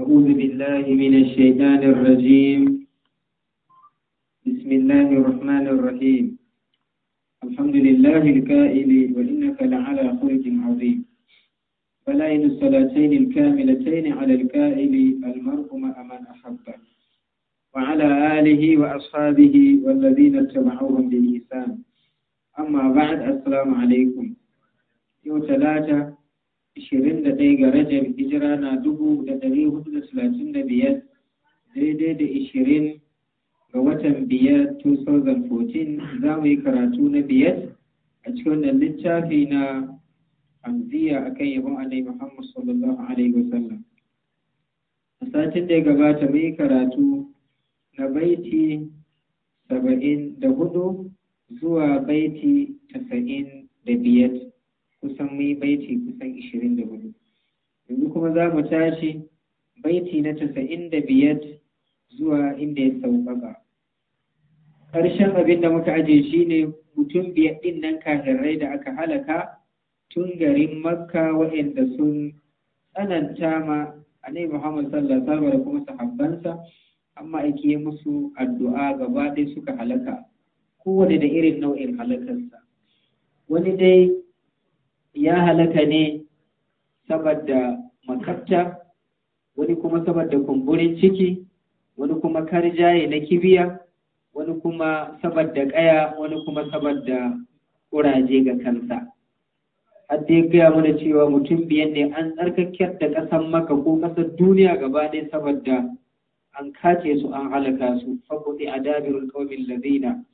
أعوذ بالله من الشيطان الرجيم بسم الله الرحمن الرحيم الحمد لله الكائل وإنك لعلى خلق عظيم فلين الصلاتين الكاملتين على الكائل المرء مع من أحبه وعلى آله وأصحابه والذين اتبعوهم بإحسان أما بعد السلام عليكم yau talata ishirin da ɗaya ga rajab hijira na dubu da ɗari hudu da talatin da biyar daidai da ishirin ga watan biyar 2014 za mu yi karatu na biyar a cikin wannan littafi na hamziya akan yabon alai muhammad sallallahu alaihi wasallam a satin da ya gabata mai karatu na baiti saba'in da hudu zuwa baiti tasa'in da biyar kusan mai baiti kusan ishirin da hudu yanzu kuma za mu tashi baiti na casa'in zuwa inda ya sauƙaƙa ƙarshen abin da muka aje shi ne mutum biyar ɗin nan kafirai da aka halaka tun garin makka waɗanda sun tsananta ma annabi muhammad sallallahu da kuma sahabbansa amma ake musu addu'a gaba ɗaya suka halaka kowane da irin nau'in halakarsa wani dai ya halaka ne saboda makabta wani kuma saboda kumburin ciki wani kuma karjaye na kibiya wani kuma saboda ƙaya wani kuma saboda ƙuraje ga kansa har ya gaya mana cewa mutum biyan ne an tsarkakiyar da ƙasar maka ko ƙasar duniya gaba ɗaya saboda an kace su an halaka su fabuɗe a dabirul ƙaumin ladina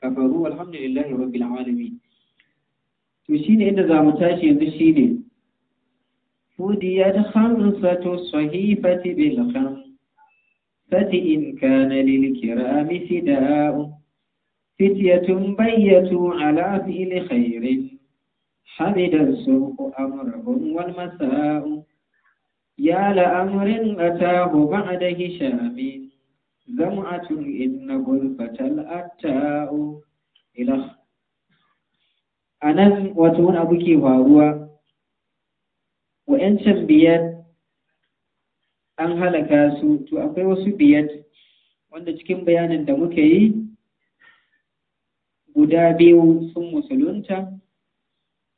kafaru alhamdulillahi rabbil alamin to shi ne inda za mu tashi yanzu shi ne fudi ya sato sahifati bai lafan sati in ka na lilkira amisi da a'u fitiyatun bayyatu alafi ili khairi hamidan sun ku amurahun wal masa'u ya la'amurin a tahu ba a da hishami zama'atun inna gulfatal atta'u ila a nan wata wani abu ke faruwa Wa wa'yancan biyar an halaka su to akwai wasu biyar wanda cikin bayanin da muka yi guda biyu sun musulunta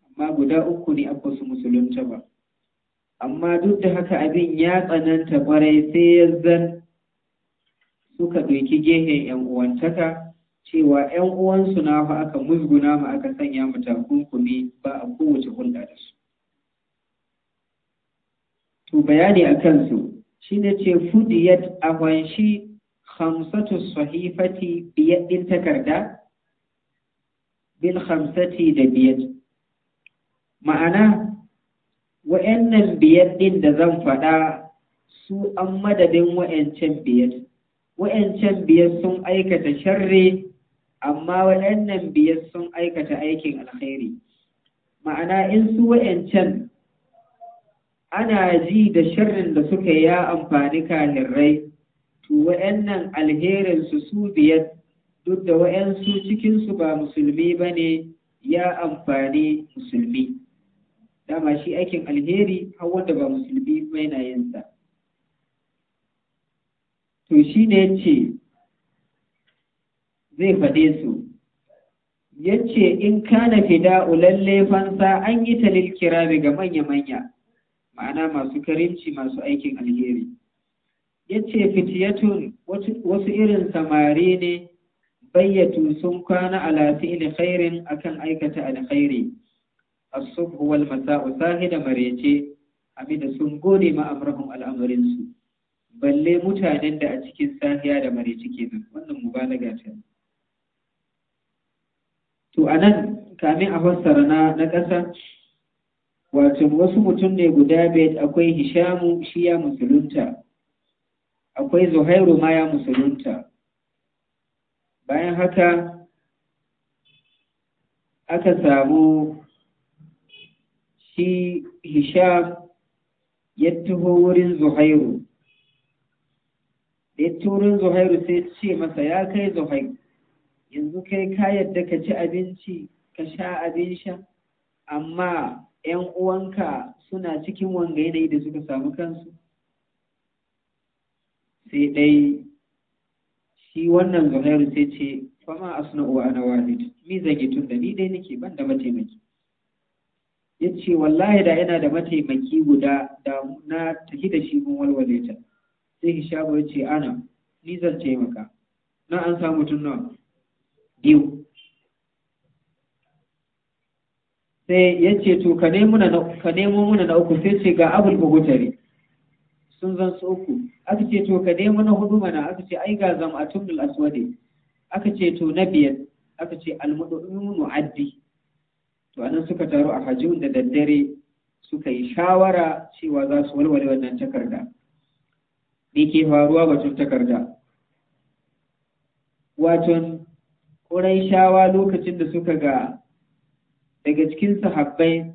amma guda uku ne abu su musulunta ba amma duk da haka abin ya tsananta kwarai sai ya zan suka ɗauki gehen 'yan uwantaka cewa ‘yan uwansu na fa aka musguna ma aka sanya mu takunkumi ba a kowace hulɗa da su. To bayani a kansu shi ne ce fudiyat a wanshi hamsatu sahifati biyar ɗin takarda bil hamsati da biyar. Ma'ana, wa'yannan biyar ɗin da zan faɗa su an madadin wa'yancan biyar. Wa'yancan biyar sun aikata sharri amma waɗannan biyar sun aikata aikin alkhairi ma'ana in su wa'yancan ana ji da sharrin da suka ya amfani kahirrai to wa'yannan alherinsu su biyar duk da wa'yansu cikinsu ba musulmi ba ne ya amfani musulmi dama shi aikin alheri har wanda ba musulmi ba yana to shi ne ce zai faɗe su yace in kana fida ulalle fansa an yi talil kirami ga manya-manya ma'ana masu karimci masu aikin alheri yace fitiyatun wasu irin samari ne bayyatu sun kwana ala fi'il khairin akan aikata alkhairi as-subh wal masa'u sahida marece amida sun gode ma amrahum balle mutanen da a cikin safiya da ke nan, wannan mubalaga ce to a nan kamin a fassara na na ƙasa wato wasu mutum ne guda biyar akwai hishamu shi ya musulunta akwai zuhairu ma ya musulunta bayan haka aka samu shi hisham ya taho wurin zuhairu ya tuho wurin zuhairu sai ce masa ya kai zuhairu yanzu kai ka yadda ka ci abinci ka sha abin sha amma ‘yan uwanka suna cikin wanga yanayi da suka samu kansu sai dai shi wannan zuhairu sai ce fama suna uwa na walid ni zage tun da ni dai nake ban da mataimaki ya ce wallahi da yana da mataimaki guda da na tafi da shi mun walwale ta sai hishabu ya ce ana ni zan taimaka na an samu tun nawa biyu sai ya ce to ka nemo muna na uku sai ce ga abul tare, sun zan su uku aka ce to ka nemo na hudu mana aka ce ai ga zama a tumdul aswade aka ce to na biyar aka ce almudu'inu addi to anan suka taru a hajjun da daddare suka yi shawara cewa za su walwale wannan takarda me ke faruwa batun takarda waton shawa lokacin da suka ga daga cikin sahabbai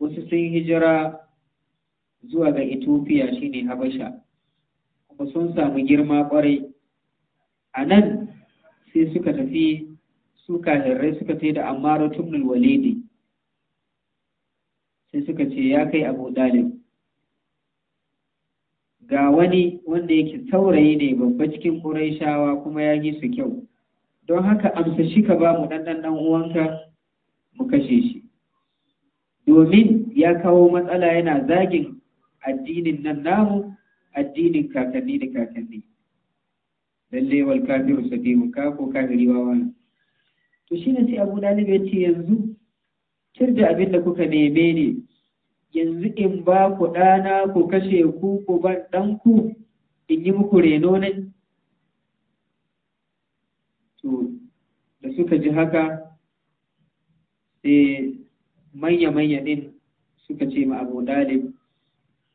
wasu sun hijira zuwa ga Ethiopia shine Habasha kuma sun samu girma kwarai a nan sai suka tafi su kahirrai suka ce da Ammaru Tumnul Walidi sai suka ce ya kai Abu Dalib ga wani wanda yake saurayi ne babba cikin shawa kuma ya yi su kyau don haka amsa shi ka ba mu ɗanɗan ɗan uwanka mu kashe shi domin ya kawo matsala yana zagin addinin nan namu addinin kakanni da kakanni lalle wal kafiru sabihu ka ko kafiri wawa to ne sai Abu Dalib ya ce yanzu kirda abin da kuka neme ne yanzu in ba ku ɗana ku kashe ku ku ban ɗanku in yi muku reno ne da suka ji haka sai manya-manya din suka ce ma abu dalib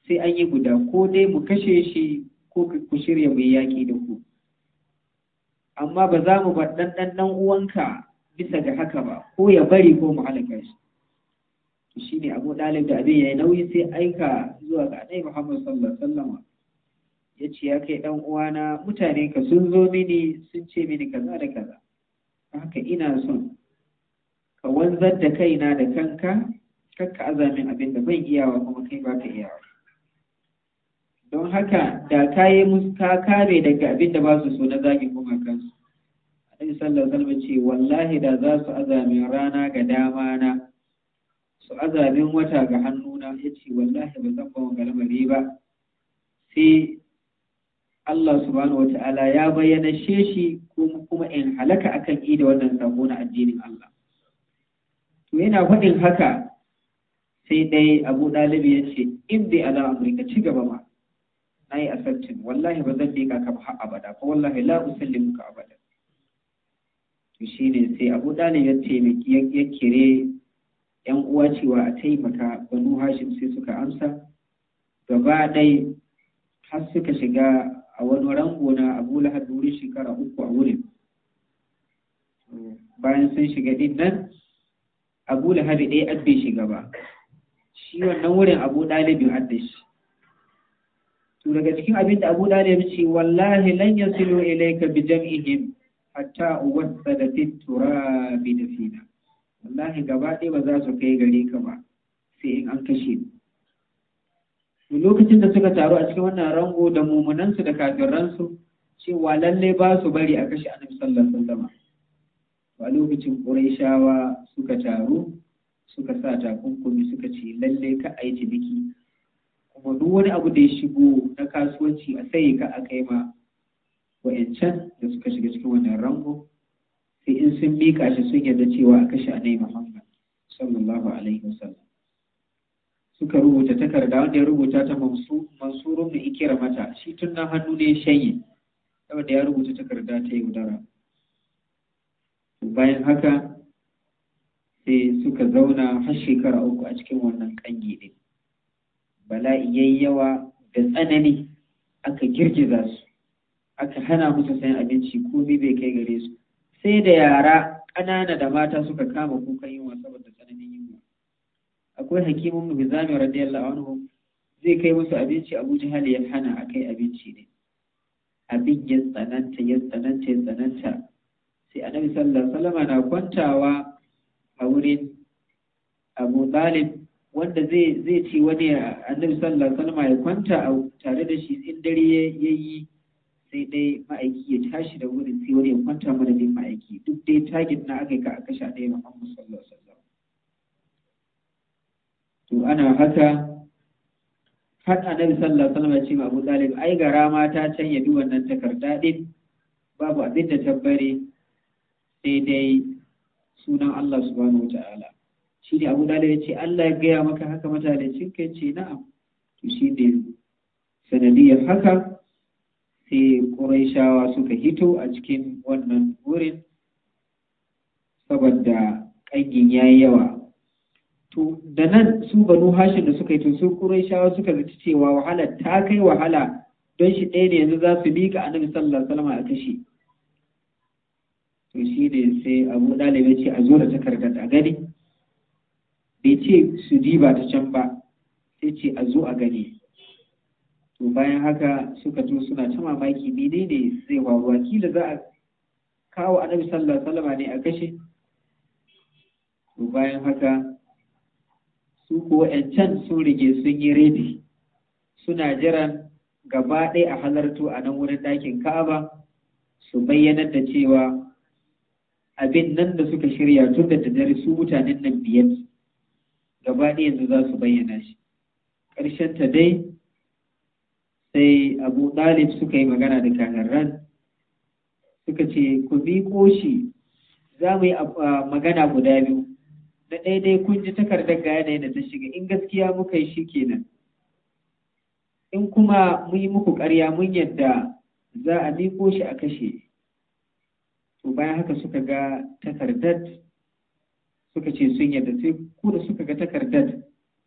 sai an yi guda ko dai mu kashe shi ko ku shirya mai yaƙi da ku amma ba za mu bar ɗanɗan uwanka bisa ga haka ba ko ya bari ko mu halaka shi to ne abu dalib da abin ya yi nauyi sai aika zuwa ga annabi Muhammad sallallahu alaihi wasallam ya ce ya kai dan uwana mutane ka sun zo mini sun ce mini kaza da kaza haka ina son ka wanzar da kaina da kanka kakka azamin abin da ban iyawa kuma kai ba ka iyawa don haka da ka yi musu ka kare daga abin da ba su so na zagin kansu annabi sallallahu alaihi ce wallahi da za su azamin rana ga dama na su azamin wata ga hannuna ya wallahi ba zan ba wa ba sai Allah subhanahu ta'ala ya bayyana sheshi kuma in halaka akan yi da wannan sako na addinin Allah to yana faɗin haka sai dai Abu Dalib ya ce in dai ala amurka ci gaba ma na yi asabtin wallahi ba zan miƙa ka ba abada ko wallahi la ka abada to shine sai Abu Dalib ya ce ya kire yan uwa cewa a taimaka Banu Hashim sai suka amsa gaba dai har suka shiga a wani rango na abu lahab wurin shekara uku a wurin bayan sun shiga din nan abu lahab ɗaya abbe shiga ba shi wannan wurin abu ɗalibin adda shi to daga cikin abin da abu Ɗalibin ce wallahi lan yasilu ilayka bi jam'ihim hatta uwassada fi turabi fina wallahi gaba ɗaya ba za su kai gare ka ba sai in an kashe ni lokacin da suka taru a cikin wannan rango da mumunansu da kafiransu cewa lalle ba su bari a kashe annabi sallallahu alaihi wasallam a lokacin quraishawa suka taru suka sa takunkumi suka ce lalle ka a yi kuma duk wani abu da ya shigo na kasuwanci a sai ka a kai ma wa'yancan da suka shiga cikin wannan rango sai in sun mika shi sun yarda cewa a kashe annabi Muhammad sallallahu alaihi wasallam suka rubuta takarda wanda ya rubuta ta mansurun da ikira mata shi tun na hannu ne shanye saboda ya rubuta takarda ta yaudara bayan haka sai suka zauna har shekara uku a cikin wannan kangi din bala'i yayi yawa da tsanani aka girgiza su aka hana musu sayan abinci ko bai kai gare su sai da yara ƙanana da mata suka kama kukan yunwa saboda tsananin yunwa akwai hakimun bizami radiyallahu anhu zai kai musu abinci abu jahali ya hana a kai abinci ne abin ya tsananta ya tsananta ya tsananta sai annabi sallallahu alaihi wasallam na kwantawa a wurin abu talib wanda zai zai ci wani annabi sallallahu alaihi wasallam ya kwanta a tare da shi in dare ya yi sai dai ma'aiki ya tashi da wurin sai wani ya kwanta mana madadin ma'aiki duk dai tagin na aka yi ka a kasha ɗaya Muhammad sallallahu alaihi wasallam to ana haka har annabi sallallahu alaihi wasallam ce ma Abu Talib ai gara ma ta can ya wannan takarda din babu abin da tabbare sai dai sunan Allah subhanahu wataala shi ne Abu Talib ya ce Allah ya gaya maka haka matalicin kai ce na'am to shi ne sanadiyar haka sai Qurayshawa suka hito a cikin wannan wurin saboda ƙangin yayi yawa to da nan su banu hashin da suka yi to su shawa suka zaci cewa wahala ta kai wahala don shi ɗaya ne yanzu za su miƙa annabi sallallahu alaihi wasallam a kashe to shi ne sai abu ɗalibai ce a zo da takardar a gani bai ce su ji ba ta can ba sai ce a zo a gani to bayan haka suka zo suna ta mamaki menene zai wawa wakila za a kawo annabi sallallahu alaihi wasallam ne a kashe to bayan haka su kuwa ‘yancan sun rige sun yi redi suna jiran gaba ɗaya a halartu a nan wurin ɗakin ka'aba su bayyana da cewa abin nan da suka shirya tun da dare su mutanen nan biyar gaba ɗaya yanzu za su bayyana shi ta dai sai abu ɗalib suka yi magana da ran, suka ce ku ko shi za mu yi ah, magana guda biyu da daidai kun ji takardar ga yanayin da ta shiga in gaskiya muka yi shi kenan in kuma mun yi muku ƙarya mun yadda za a miko shi a kashe to bayan haka suka ga takardar suka ce sun yadda sai ku da suka ga takardar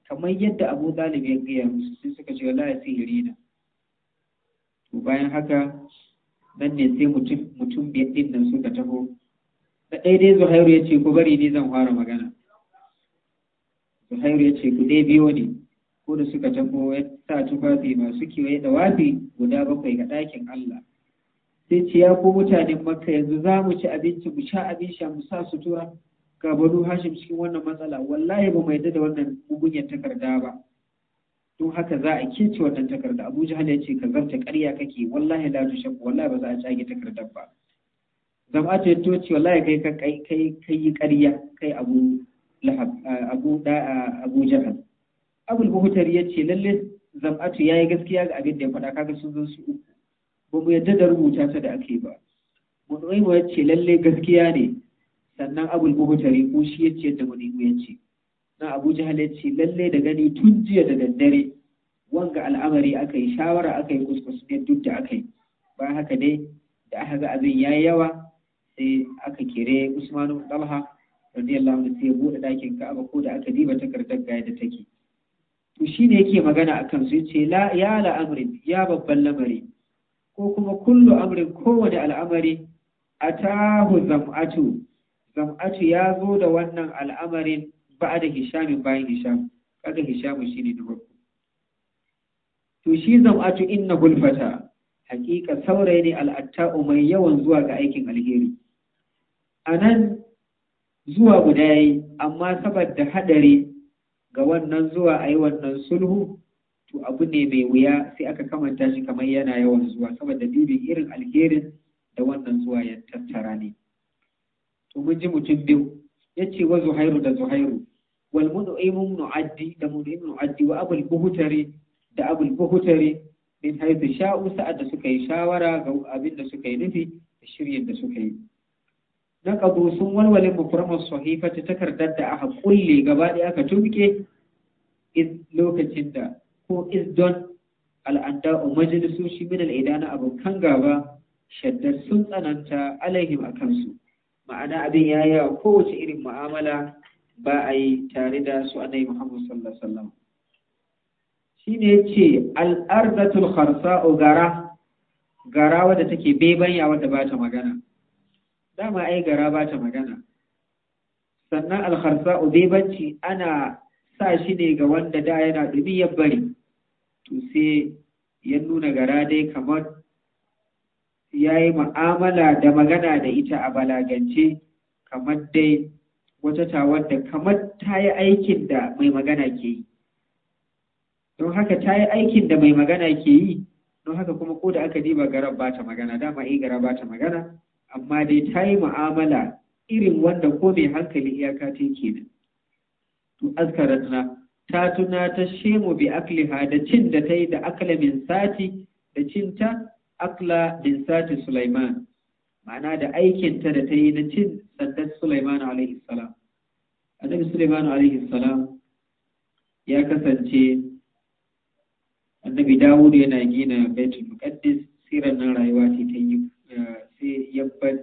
kamar yadda abu zalib ya gaya musu sai suka ce wallahi sihiri na to bayan haka nan ne sai mutum mutum biyar din nan suka taho da daidai zuhairu ya ce ku bari ni zan fara magana Zuhairu ya ce ku biyu ne ko da suka tafo ya sa tufafi masu kewaye da wafi guda bakwai ga ɗakin Allah. Sai ce ya ko mutanen Makka yanzu za mu ci abinci mu sha abin sha mu sa sutura ga bano Hashim cikin wannan matsala wallahi ba mu da wannan mugunyar takarda ba. Don haka za a kece wannan takarda Abu Jahal ya ce ka zarta ƙarya kake wallahi la tushakku wallahi ba za a cage takardar ba. Zama ta yi ce wallahi kai kai kai yi ƙarya kai abu lahab abu abu jahal lalle zam'atu ya yi gaskiya ga abin da ya faɗa kaga sun zo su uku ba mu yadda da rubuta ta da ake ba mutumin ya ce lalle gaskiya ne sannan abul buhutar ya ko shi ce da na abu jahal ya lalle da gani tun jiya da daddare wanga al'amari aka yi shawara aka yi kuskus ne duk da aka yi haka dai da aka ga abin ya yawa sai aka kire usmanu talha radiyallahu anhu sai ya bude dakin Ka'aba ko da aka diba takardar ga yadda take to shine yake magana akan su yace la ya la amri ya babban lamari ko kuma kullu amrin kowane al'amari atahu zam'atu zam'atu ya zo da wannan al'amarin ba da hishamin bayan hisham kaga hishamu shine na to shi zam'atu inna gulfata haƙiƙa saurayi ne al'atta'u mai yawan zuwa ga aikin alheri anan zuwa guda yi, amma saboda hadari ga wannan zuwa ayi wannan sulhu to abu ne mai wuya sai aka kamanta shi kamar yana yawan zuwa saboda dubin irin alherin da wannan zuwa ya tattara ne to mun ji mutum biyu yace wa zuhairu da zuhairu wal mud'imun nu'addi da mud'imun nu'addi wa abul buhutari da abul buhutari min haythu sha'u sa'ad da suka yi shawara ga abin da suka yi nufi da shirin da suka yi naqadu sun walwale sahifa ta takardar da aka kulle gaba ɗaya aka tumke iz lokacin da ko is don a o majalisoshi min al'idana abokan gaba shaddar sun tsananta alaihim a kansu ma'ana abin ya yi wa kowace irin mu'amala ba a yi tare da su anayi muhammadu sallallahu alaihi wasallam shine yace harsa o gara gara wadda take bebanya wadda ba ta magana dama ai gara ba ta magana sannan alharsa ubebanci ana sa shi ne ga wanda da yana dumi ya bari to sai ya nuna gara dai kamar ya yi ma'amala da magana da ita a balagance kamar dai wata tawar da kamar ta yi aikin da mai magana ke yi don haka ta yi aikin da mai magana ke yi don haka kuma ko da aka diba garar ba ta magana dama iya gara ba ta magana amma dai ta yi mu'amala irin wanda ko mai hankali iyaka ta yi kenan to azkaratna ta tuna ta shemu bi akliha da cin da ta yi da akla min sati da cin ta akla min sati Sulaiman ma'ana da aikin ta da ta yi na cin sandar Sulaiman alaihi salam annabi Sulaiman alaihi salam ya kasance annabi Dawud yana gina Baitul Muqaddis siran nan rayuwa ce ta yi eh, sai ya bar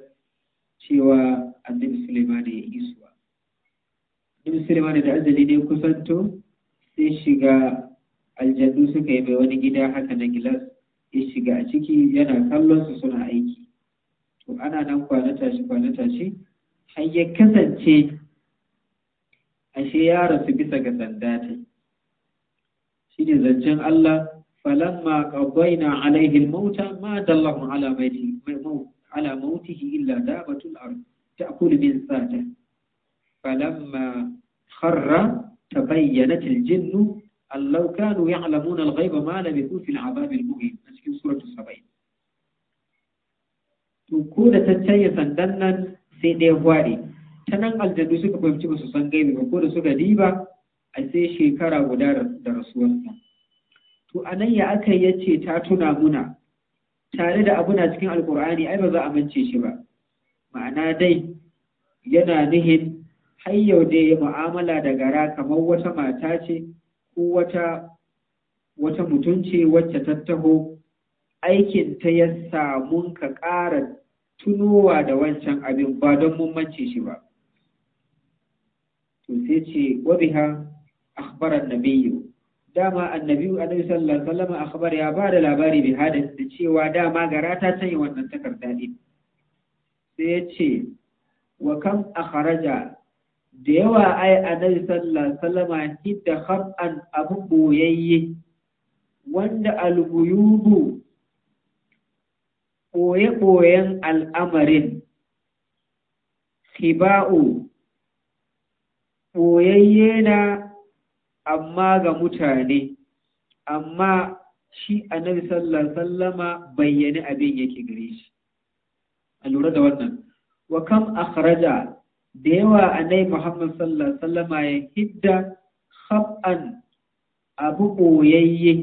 cewa annabi Suleimani ya yi suwa annabi da azali ne kusanto sai shiga aljannu suka yi mai wani gida haka na gilas ya shiga a ciki yana kallon su suna aiki to ana nan kwana tashi kwana tashi har ya kasance ashe ya rasu bisa ga sanda ta shi ne zancen Allah falamma qadayna alaihi al-mauta ma dallahu ala على موته إلا دابة الأرض تأكل من ساته فلما خر تبينت الجن أن لو كانوا يعلمون الغيب ما لبثوا في العذاب المهين أشكي سورة السبعين ko da ta canye sandan nan sai ɗaya hware ta nan aljanu suka fahimci ba su san gaibi ba ko da suka diba a sai shekara guda da rasuwarsa to anan ya aka yace ta tuna muna tare da abu na cikin alkur'ani ai ba za a mance shi ba ma'ana dai yana nihin har yau dai ya mu'amala da gara kamar wata mata ce ko wata wata mutum ce wacce ta taho aikin ta ya samu ka ƙara tunowa da wancan abin ba don mun mance shi ba to sai ce wa biha nabiyyu dama annabi annabi sallallahu alaihi a akhbar ya ba da labari bi hadis da cewa dama gara ta sanya wannan takarda ne sai ya ce wa kam akharaja da yawa ai a sallallahu sallar sallama hidda khab'an abu boyayye wanda albuyubu boye-boyen al'amarin khiba'u boyayye na amma ga mutane amma shi annabi sallallahu alaihi sallama bayyane abin yake gare shi a lura da wannan wa kam akhraja da yawa annabi muhammad sallallahu alaihi sallama ya hidda khab'an abu boyayye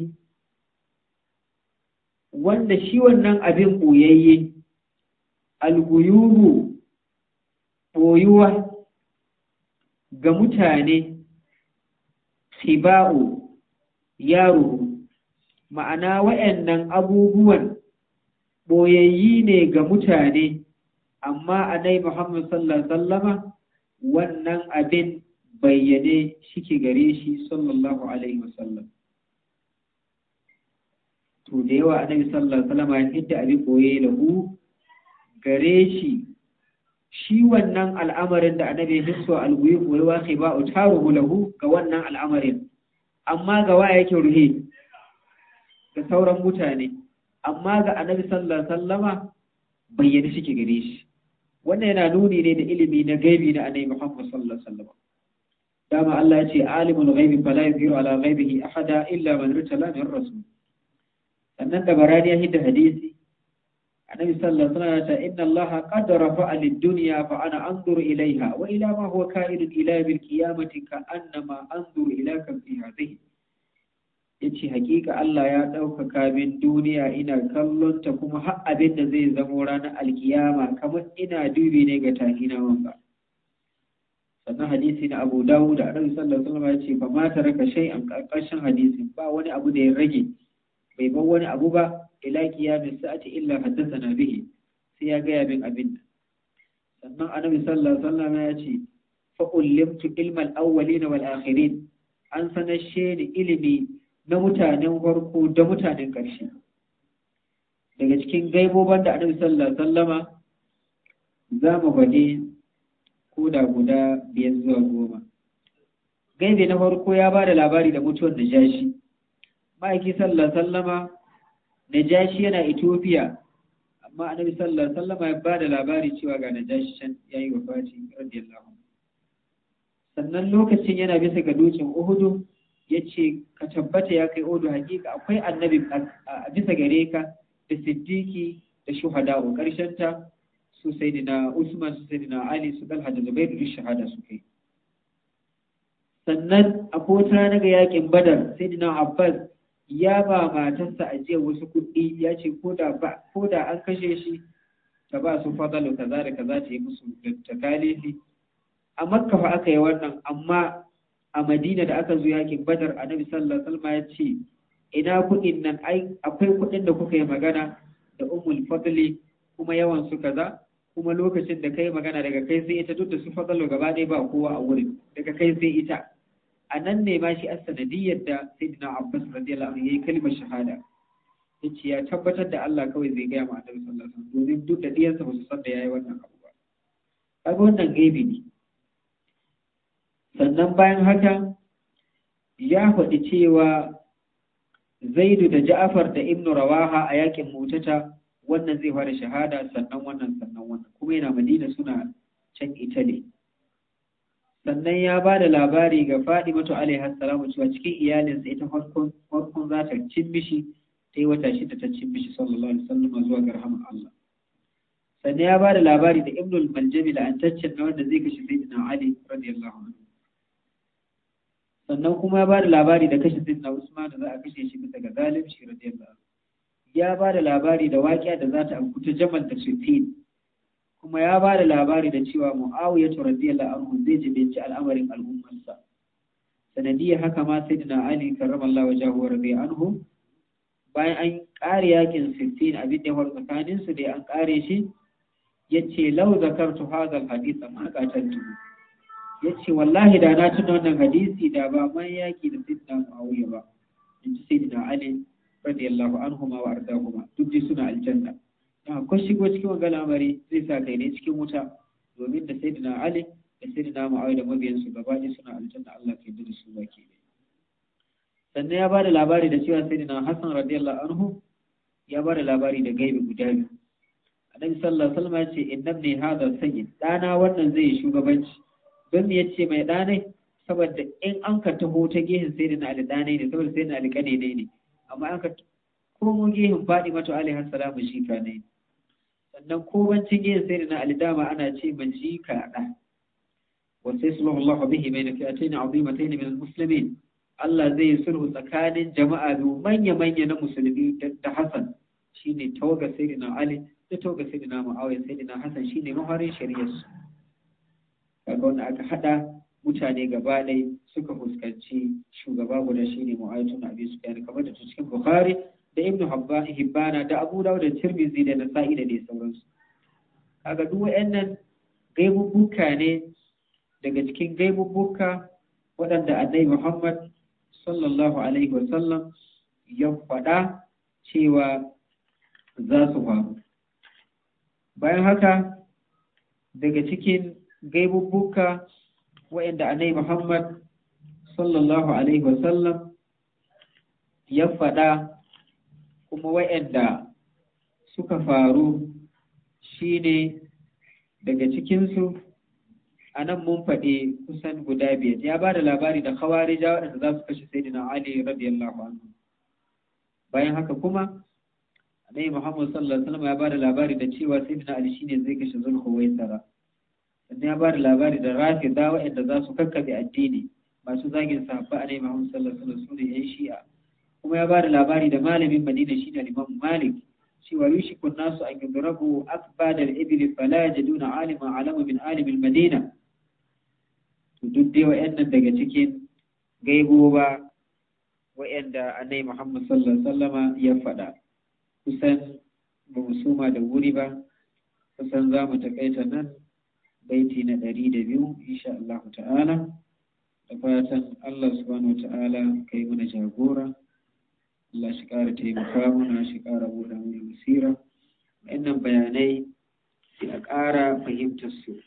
wanda shi wannan abin boyayye alguyubu boyuwa ga mutane siba'u yaro ma'ana wa’yannan abubuwan ɓoyayyi ne ga mutane amma anai Muhammad sallallahu wannan abin bayyane shike gare shi sallallahu alaihi wasallam to da yawa anai sallallahu alaihi wasallama yadda abin ɓoye lahu gare shi shi wannan al'amarin da annabi ya hiswa ke ba wal waqiba gulahu ga wannan al'amarin amma ga waya yake ruhe ga sauran mutane amma ga annabi sallallahu sallama bayyana bayyane gare shi wannan yana nuni ne da ilimi na gaibi na annabi Muhammad sallallahu sallama dama Allah ya ce alimul gaibi fala yuzhiru ala ghaibihi ahada illa man rutala min rasul sannan da barani ya hidda hadisi annabi sallallahu alaihi wasallam ta inna Allah qad rafa'a lid-dunya fa ana anzuru ilaiha; wa ila ma huwa ka'idun ila bil qiyamati ka annama anzuru ila kam fi hadhihi yace hakika Allah ya ɗaukaka min duniya ina kallon ta kuma har abin da zai zamo ranar alkiyama kamar ina dubi ne ga tahina wanga sannan hadisi na Abu Dawud da Annabi sallallahu alaihi wasallam ya ce ma taraka shay'an karkashin hadisin ba wani abu da ya rage bai bar wani abu ba ila qiyamis sa'ati illa haddathana bihi sai ya gaya min abin sannan annabi sallallahu alaihi wasallam ya ce fa ullimtu ilmal awwalin wal akhirin an sanashe ni ilimi na mutanen farko da mutanen ƙarshe daga cikin gaiboban da annabi sallallahu alaihi wasallama za mu ko da guda biyar zuwa goma gaibe na farko ya ba da labari da mutuwar da jashi ma'aiki sallar sallama na jashi yana Ethiopia amma annabi sallar sallama ya ba da labari cewa ga na jashi can yayi wafati radiyallahu sannan lokacin yana bisa ga dokin Uhudu ce ka tabbata ya kai Uhudu hakika akwai annabi a bisa gare ka da siddiki da shuhada karshen ta su Usman su sayyidina Ali su Talha da Zubair da shahada su kai sannan a wata na ga yakin Badar na Abbas ya ba matarsa jiya wasu kuɗi ya ce ko da an kashe shi ta ba su fadalu kaza da kaza ta yi musu da kalifi a makka fa aka yi wannan amma a madina da aka zo yakin badar annabi sallallahu alaihi wasallam ya ce ina kuɗin nan akwai kuɗin da kuka yi magana da ummul fadli kuma yawan su kaza kuma lokacin da kai magana daga kai sai ita duk da su fadalu gaba ɗaya ba kowa a wurin daga kai sai ita a nan ne ma shi as-sanadiyyar da sayyidina Abbas radiyallahu anhu yayi kalmar shahada yace ya tabbatar da Allah kawai zai gaya ma Annabi sallallahu alaihi wasallam duk da diyansa ba su san da yayi wannan abu ba kaga wannan gaibi ne sannan bayan haka ya faɗi cewa Zaidu da Ja'far da Ibn Rawaha a yakin mutata wannan zai fara shahada sannan wannan sannan wannan kuma yana Madina suna can Italy sannan ya ba da labari ga Fadimatu alaiha salamu cewa cikin iyalinsa ita farkon farkon za ta cin mishi ta yi wata shi ta cin mishi sallallahu alaihi wasallam zuwa ga rahaman Allah sannan ya ba da labari da Ibn al da antaccen na wanda zai kashe Sayyidina Ali radiyallahu anhu sannan kuma ya ba da labari da kashe Sayyidina Usman da za a kashe shi bisa ga zalunci radiyallahu anhu ya ba da labari da waƙiya da za ta amkuta jamal da Sufyan kuma ya ba da labari da cewa Muawiya radiyallahu anhu zai jibinci al'amarin al'ummarsa sanadiyar haka ma sai sayyidina Ali karramallahu wajahu rabi anhu bayan an ƙare yakin 15 abin da ya faru da an ƙare shi yace lau zakartu hadisa al hadisa ma Ya ce wallahi da na tuna wannan hadisi da ba man yaki da da Muawiya ba in ji sai sayyidina Ali radiyallahu anhu ma wa arzakuma. duk suna aljanna ko shigo cikin wannan al'amari zai sa kai ne cikin wuta domin da sayyidina Ali da sayyidina Muawiya da mabiyansu gaba ɗaya suna aljanna Allah ke da su ba ne sannan ya bada labari da cewa sayyidina Hassan radiyallahu anhu ya bada labari da gaibi guda biyu annabi sallallahu alaihi wasallam ya ce ne hadha sayyid dana wannan zai yi shugabanci don ya ce mai ɗanai saboda in an ka taho ta gehen sai ali ɗanai ne saboda sai ali ƙane ne ne amma an ka komo gehen faɗi mata alaihi salamu shi ka ne sannan kowancin yin sai na alidama ana ce maji kaɗa wasu islam Allah bihi mai na fiye ne azimatai ne mai musulmin Allah zai yi sulhu tsakanin jama'a biyu manya-manya na musulmi da Hassan ne tawaga sai na Ali da tawaga sai na Ma'awai sai na Hassan shine maharin shari'ar su kaga wanda aka haɗa mutane gaba ɗai suka fuskanci shugaba guda shi ne na abi sufyan kamar da cikin bukhari da ibnu hibbana da abu dawud da tirmizi da nasa'i da dai sauransu kaga duk wayannan gaibubbuka ne daga cikin gaibubbuka waɗanda annabi Muhammad sallallahu alaihi wasallam ya faɗa cewa za su faru bayan haka daga cikin gaibubbuka waɗanda annabi Muhammad sallallahu alaihi wasallam ya faɗa kuma wa'yanda suka faru shi ne daga cikinsu a nan mun faɗi kusan guda biyar ya ba da labari da ja waɗanda za su kashe sayyidina ali radiyallahu anhu bayan haka kuma annabi muhammad sallallahu alaihi wasallam ya ba da labari da cewa sayyidina ali shine zai kashe zulhuwaisara sannan ya ba da labari da rafi da waɗanda za su kakkabe addini masu zagin sahabba annabi muhammad sallallahu alaihi wasallam su ne yan shi'a kuma ya bada labari da malamin Madina shi da Liman Malik cewa yushiku nasu an yudrabu akbad al-ibli fala yajiduna alima alama min alim madina to duk dai wayannan daga cikin gaiboba wayanda Annabi Muhammad sallallahu alaihi ya faɗa kusan ba mu suma da wuri ba kusan za mu takaita nan baiti na ɗari da biyu insha Allah ta'ala da fatan Allah subhanahu wa ta'ala kai mana jagora Allah shi ƙara taimaka mana shi ƙara buɗa mana basira wa'annan bayanai sai a ƙara fahimtar su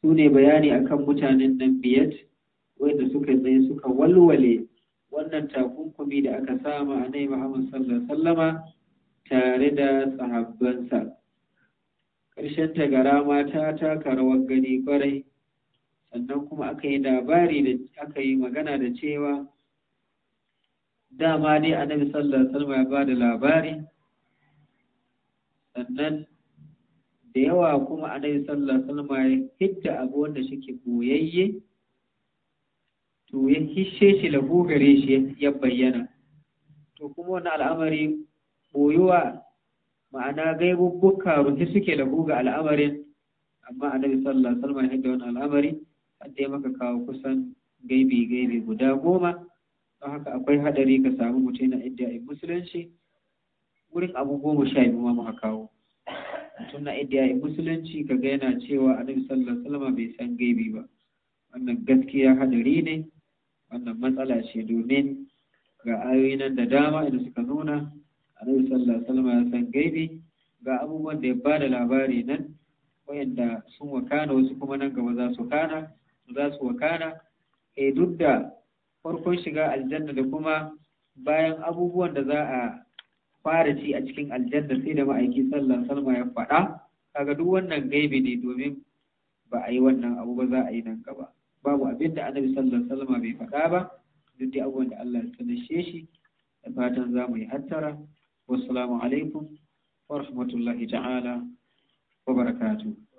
su ne bayani akan mutanen nan biyar wanda suka zai suka walwale wannan takunkumi da aka sama a nai Muhammad sallallahu sallama tare da sahabbansa ƙarshen tagara mata ta rawar gani kwarai sannan kuma aka yi labari da aka yi magana da cewa dama dai annabi sallallahu alaihi wasallam ya ba da labari sannan da yawa kuma annabi sallallahu alaihi wasallam ya hidda abu wanda shike boyayye to ya hishe shi la gogare shi ya bayyana to kuma wani al'amari boyuwa ma'ana gaibubbuka rufi suke da ga al'amarin amma annabi sallallahu alaihi wasallam ya hidda wani al'amari hadda ya maka kawo kusan gaibi gaibi guda goma don haka akwai haɗari ka samu mutum yana idda musulunci wurin abu goma sha biyu ma muka kawo mutum na idda musulunci kaga yana cewa annabi sallallahu alaihi wasallam bai san gaibi ba wannan gaskiya haɗari ne wannan matsala ce domin ga ayoyi nan da dama idan suka nuna annabi sallallahu alaihi wasallam ya san gaibi ga abubuwan da ya ba da labari nan wayanda sun wakana wasu kuma nan gaba za su kana za su wakana eh duk da farkon shiga aljanna da kuma bayan abubuwan da za a fara ci a cikin aljanna sai da ma'aiki sallan salma ya faɗa kaga duk wannan gaibe ne domin ba a yi wannan abu ba za a yi nan gaba babu abin da annabi sallan salma bai faɗa ba duk da abubuwan da Allah ya sanashe shi da fatan za mu yi hattara wassalamu alaikum wa rahmatullahi ta'ala wa barakatuh